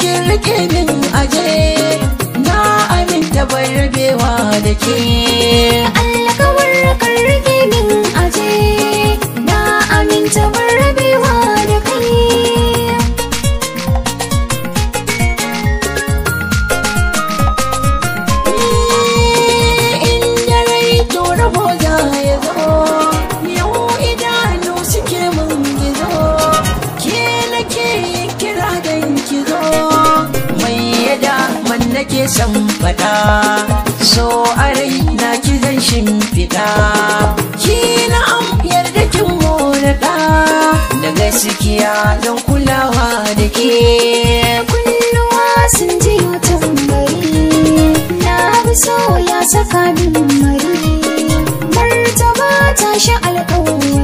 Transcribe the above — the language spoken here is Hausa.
kin rike min aje na aminta bai rabewa da ke Allah san fada faɗa so arai na ki zan shimfiɗa ki na an yarda kin moraɗa da gaskiya don kulawa da ke kullum sun ji mai na bi so ya saka min mari martaba ta sha alƙawari